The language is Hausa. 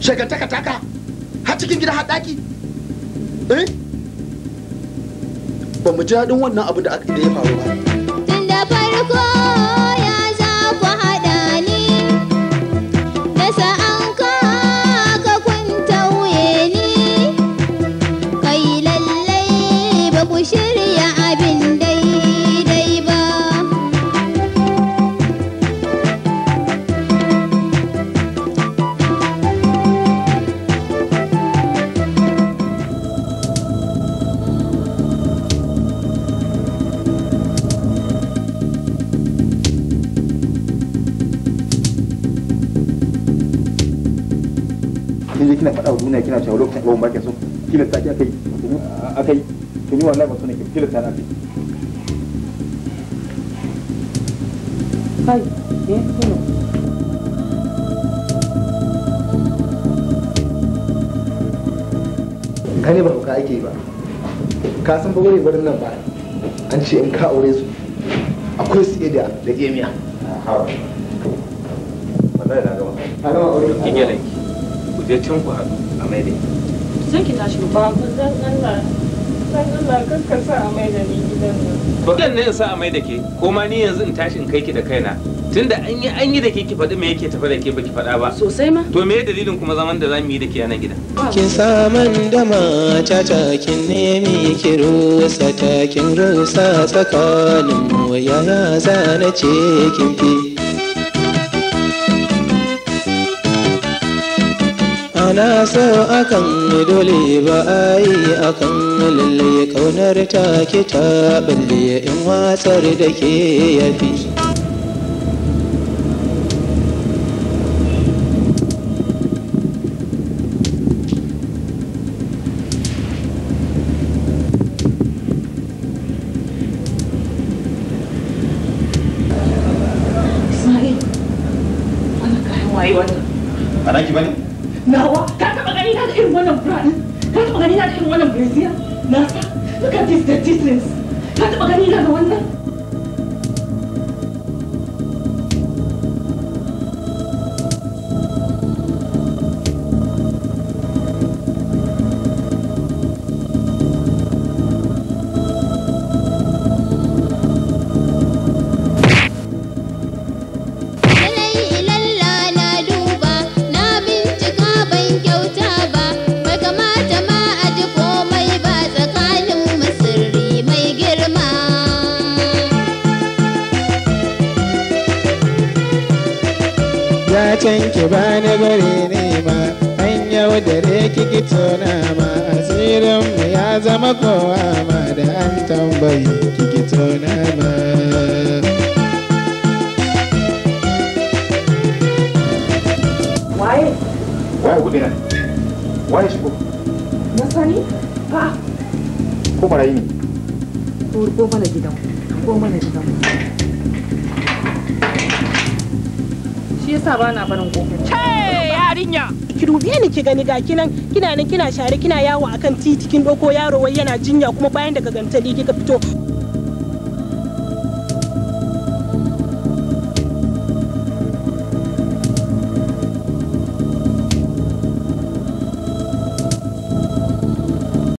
shagantaka taka har cikin gida har daki eh ba mu ji daɗin wannan abu da ya faru ba tun da farko kina faɗa duniya kina cewa lokacin abubuwan bakin sun tilasta ki akai akai kin yi wallahi ba sunan ne ki tilasta na akai kai eh kuma gane ba ka ake ba ka san ba gure barin nan ba an ce in ka aure su akwai su da da gemiya ha wallahi na gama na gama aure kin yana ki ya tun ku a maida da ki tashi ba ku zan Allah kan ka sa a mai da ni gidan nan sa ke ko ma ni yanzu in tashi in kai ki da kaina tunda an yi an yi da ke ki faɗi me yake tafi da ke baki faɗa ba sosai ma to me dalilin kuma zaman da zamu yi da ke a nan gida kin saman da ma ta kin nemi ki rusa ta kin rusa tsakanin mu yaya zana ce kin fi na so akan dole ba a yi akan lalle kaunar ta ke ta balle in wasar da ke yafi nawa ka taba gani na da irin wannan brand ka taba gani na da irin wannan brazier nasa look at these dirty things ka taba gani na da wannan can ki ba ni bari nema an yau da ki ki tona ma asirin mu ya zama kowa ma da an tambayi ki ki tona ma. Waye? Waye kuɗi Waye shigo? Na sani? Fa. Ko barayi ne? Ko mana gidan. Ko mana gidan. yasa ba na barin gobe. Ce yarinya. Ki dubiye ni ki gani ga kinan kina nan kina share kina yawo akan titi kin doko yaro wai yana jinya kuma bayan daga gantali kika fito